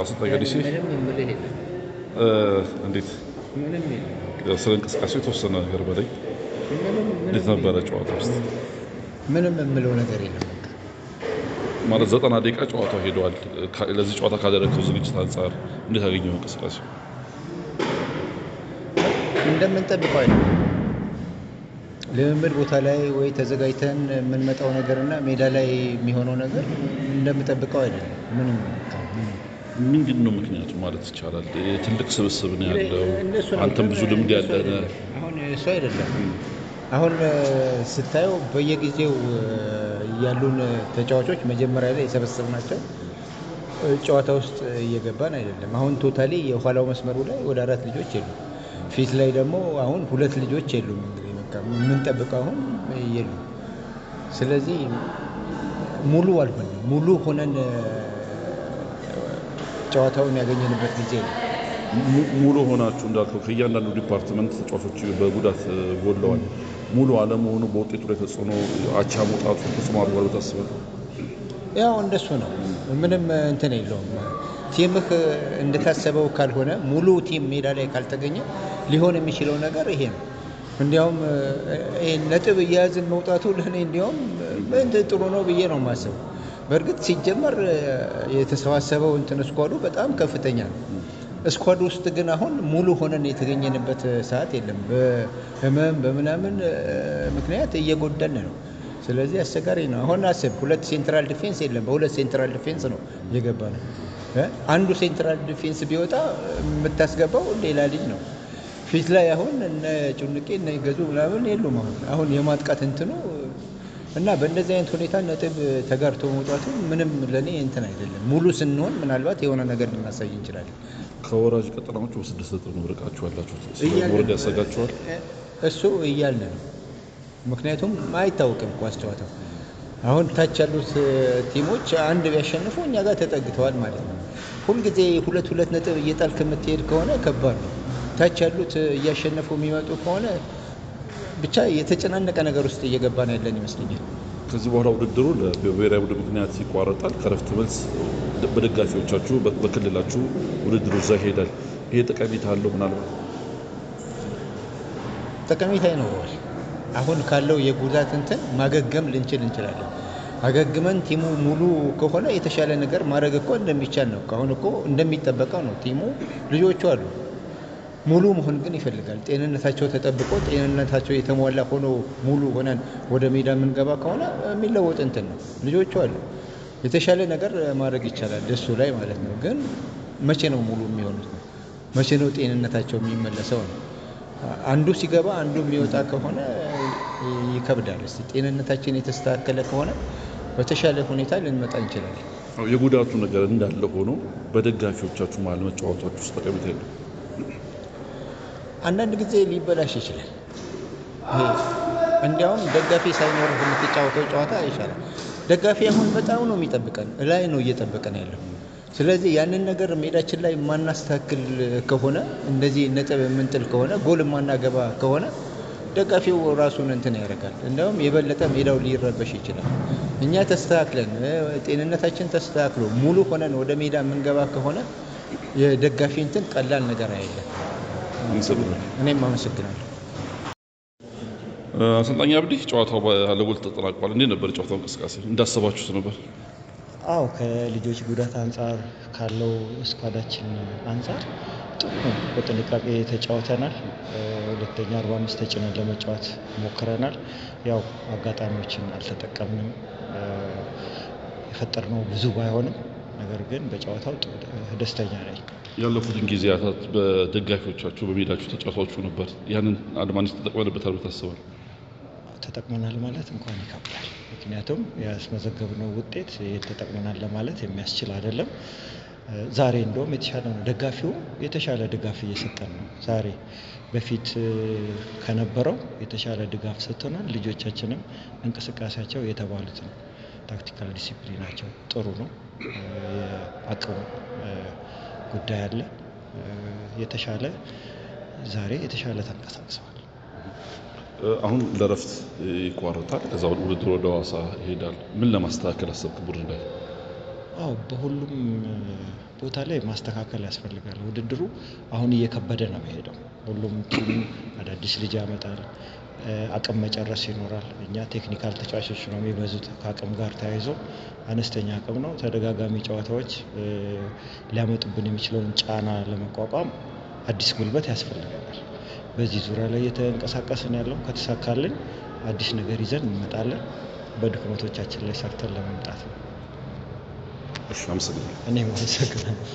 ራሱ ጠገዴ እንዴት ስለ እንቅስቃሴ የተወሰነ ነገር በላይ እንዴት ነበረ ጨዋታ ውስጥ? ምንም የምለው ነገር የለም። ማለት ዘጠና ደቂቃ ጨዋታው ሄደዋል። ለዚህ ጨዋታ ካደረግከው ዝግጅት አንጻር እንዴት ያገኘው እንቅስቃሴ? እንደምንጠብቀው ልምምድ ቦታ ላይ ወይ ተዘጋጅተን የምንመጣው ነገር እና ሜዳ ላይ የሚሆነው ነገር እንደምንጠብቀው አይደለም ምንም ምንድን ነው ምክንያቱ ማለት ይቻላል። ትልቅ ስብስብ ነው ያለው። አንተም ብዙ ልምድ ያለ አሁን እሱ አይደለም። አሁን ስታየው በየጊዜው ያሉን ተጫዋቾች መጀመሪያ ላይ የሰበሰብ ናቸው ጨዋታ ውስጥ እየገባን አይደለም። አሁን ቶታሊ የኋላው መስመሩ ላይ ወደ አራት ልጆች የሉ። ፊት ላይ ደግሞ አሁን ሁለት ልጆች የሉም። እንግዲህ በቃ የምንጠብቀው አሁን የሉ። ስለዚህ ሙሉ አልሆንም። ሙሉ ሆነን ጨዋታውን ያገኘንበት ጊዜ ነው። ሙሉ ሆናችሁ እንዳልከው ከእያንዳንዱ ዲፓርትመንት ተጫዋቾች በጉዳት ጎለዋል። ሙሉ አለመሆኑ በውጤቱ ላይ ተጽዕኖ አቻ መውጣቱ ተጽዕኖ አድርጓል። በታስበል ያው እንደሱ ነው። ምንም እንትን የለውም። ቲምህ እንደታሰበው ካልሆነ ሙሉ ቲም ሜዳ ላይ ካልተገኘ ሊሆን የሚችለው ነገር ይሄ ነው። እንዲያውም ነጥብ እያያዝን መውጣቱ ለእኔ እንዲያውም ጥሩ ነው ብዬ ነው የማስበው። በእርግጥ ሲጀመር የተሰባሰበው እንትን ስኳዱ በጣም ከፍተኛ ነው። ስኳድ ውስጥ ግን አሁን ሙሉ ሆነን የተገኘንበት ሰዓት የለም። በህመም በምናምን ምክንያት እየጎዳን ነው። ስለዚህ አስቸጋሪ ነው። አሁን አስብ፣ ሁለት ሴንትራል ዲፌንስ የለም። በሁለት ሴንትራል ዲፌንስ ነው እየገባ ነው። አንዱ ሴንትራል ዲፌንስ ቢወጣ የምታስገባው ሌላ ልጅ ነው። ፊት ላይ አሁን እነ ጩንቄ እነ ገዙ ምናምን የሉም። አሁን አሁን የማጥቃት እንትኑ እና በእንደዚህ አይነት ሁኔታ ነጥብ ተጋርቶ መውጣቱ ምንም ለእኔ እንትን አይደለም። ሙሉ ስንሆን ምናልባት የሆነ ነገር ልናሳይ እንችላለን። ከወራጅ ቀጠናዎች በስድስት ነጥብ ነው ርቃችሁ ያላችሁት። ወረድ ያሰጋችኋል እሱ እያልን ነው። ምክንያቱም አይታወቅም ኳስ ጨዋታው አሁን ታች ያሉት ቲሞች አንድ ቢያሸንፉ እኛ ጋር ተጠግተዋል ማለት ነው። ሁልጊዜ ሁለት ሁለት ነጥብ እየጣልክ የምትሄድ ከሆነ ከባድ ነው። ታች ያሉት እያሸነፉ የሚመጡ ከሆነ ብቻ የተጨናነቀ ነገር ውስጥ ነው ያለን ይመስለኛል። ከዚህ በኋላ ውድድሩ በብሔራዊ ቡድን ምክንያት ይቋረጣል። ከረፍት መልስ በደጋፊዎቻችሁ በክልላችሁ ውድድሩ እዛ ይሄዳል። ይሄ ጠቀሜታ አለው። ምናልባት ጠቀሜታ ይኖረዋል። አሁን ካለው የጉዳት እንትን ማገገም ልንችል እንችላለን። አገግመን ቲሙ ሙሉ ከሆነ የተሻለ ነገር ማድረግ እኮ እንደሚቻል ነው። ካሁን እኮ እንደሚጠበቀው ነው። ቲሙ ልጆቹ አሉ ሙሉ መሆን ግን ይፈልጋል። ጤንነታቸው ተጠብቆ ጤንነታቸው የተሟላ ሆኖ ሙሉ ሆነን ወደ ሜዳ የምንገባ ከሆነ የሚለወጥ እንትን ነው። ልጆቹ አሉ፣ የተሻለ ነገር ማድረግ ይቻላል እሱ ላይ ማለት ነው። ግን መቼ ነው ሙሉ የሚሆኑት? መቼ ነው ጤንነታቸው የሚመለሰው ነው። አንዱ ሲገባ አንዱ የሚወጣ ከሆነ ይከብዳል። እስኪ ጤንነታችን የተስተካከለ ከሆነ በተሻለ ሁኔታ ልንመጣ እንችላለን። የጉዳቱ ነገር እንዳለ ሆኖ በደጋፊዎቻችሁ መሃል መጫወታችሁ ውስጥ ጠቀሜታ የለም። አንዳንድ ጊዜ ሊበላሽ ይችላል። እንዲያውም ደጋፊ ሳይኖር የምትጫወተው ጨዋታ ይሻላል። ደጋፊ አሁን በጣም ነው የሚጠብቀን፣ ላይ ነው እየጠበቀን ያለው። ስለዚህ ያንን ነገር ሜዳችን ላይ የማናስተካክል ከሆነ እንደዚህ ነጥብ የምንጥል ከሆነ ጎል ማናገባ ከሆነ ደጋፊው ራሱን እንትን ያደርጋል። እንዲያውም የበለጠ ሜዳው ሊረበሽ ይችላል። እኛ ተስተካክለን ጤንነታችን ተስተካክሎ ሙሉ ሆነን ወደ ሜዳ የምንገባ ከሆነ የደጋፊ እንትን ቀላል ነገር አይደለም። እንሰብናል። እኔም አመሰግናለሁ። አሰልጣኝ አብዲ ጨዋታው ያለ ጎል ተጠናቋል። እንዴት ነበር ጨዋታው እንቅስቃሴ? እንዳሰባችሁት ነበር? አዎ ከልጆች ጉዳት አንጻር ካለው እስኳዳችን አንጻር ጥሩ በጥንቃቄ ተጫውተናል። ሁለተኛ አርባ አምስት ተጭነን ለመጫወት ሞክረናል። ያው አጋጣሚዎችን አልተጠቀምንም። የፈጠርነው ብዙ ባይሆንም ነገር ግን በጨዋታው ደስተኛ ነኝ። ያለፉትን ጊዜያታት በደጋፊዎቻችሁ በሜዳችሁ ተጫዋቾቹ ነበር። ያንን አድማኒስ ተጠቅመንበታል ብታስባል? ተጠቅመናል ማለት እንኳን ይከብዳል። ምክንያቱም ያስመዘገብነው ውጤት ተጠቅመናል ለማለት የሚያስችል አይደለም። ዛሬ እንደውም የተሻለ ነው። ደጋፊው የተሻለ ድጋፍ እየሰጠን ነው። ዛሬ በፊት ከነበረው የተሻለ ድጋፍ ሰጥተናል። ልጆቻችንም እንቅስቃሴያቸው የተባሉት ነው። ታክቲካል ዲሲፕሊናቸው ጥሩ ነው። አቅሙ ጉዳይ አለ። የተሻለ ዛሬ የተሻለ ተንቀሳቅሰዋል። አሁን ለረፍት ይቋረጣል። ከዛ ውድድር ወደ ሐዋሳ ይሄዳል። ምን ለማስተካከል አሰብክ ቡድን ላይ? አዎ በሁሉም ቦታ ላይ ማስተካከል ያስፈልጋል። ውድድሩ አሁን እየከበደ ነው የሄደው ሁሉም ቲም አዳዲስ ልጅ ያመጣል። አቅም መጨረስ ይኖራል። እኛ ቴክኒካል ተጫዋቾች ነው የሚበዙት። ከአቅም ጋር ተያይዞ አነስተኛ አቅም ነው። ተደጋጋሚ ጨዋታዎች ሊያመጡብን የሚችለውን ጫና ለመቋቋም አዲስ ጉልበት ያስፈልገናል። በዚህ ዙሪያ ላይ እየተንቀሳቀስን ያለው ከተሳካልን አዲስ ነገር ይዘን እንመጣለን። በድክመቶቻችን ላይ ሰርተን ለመምጣት ነው። እሺ አመሰግናለሁ። አመሰግናለሁ።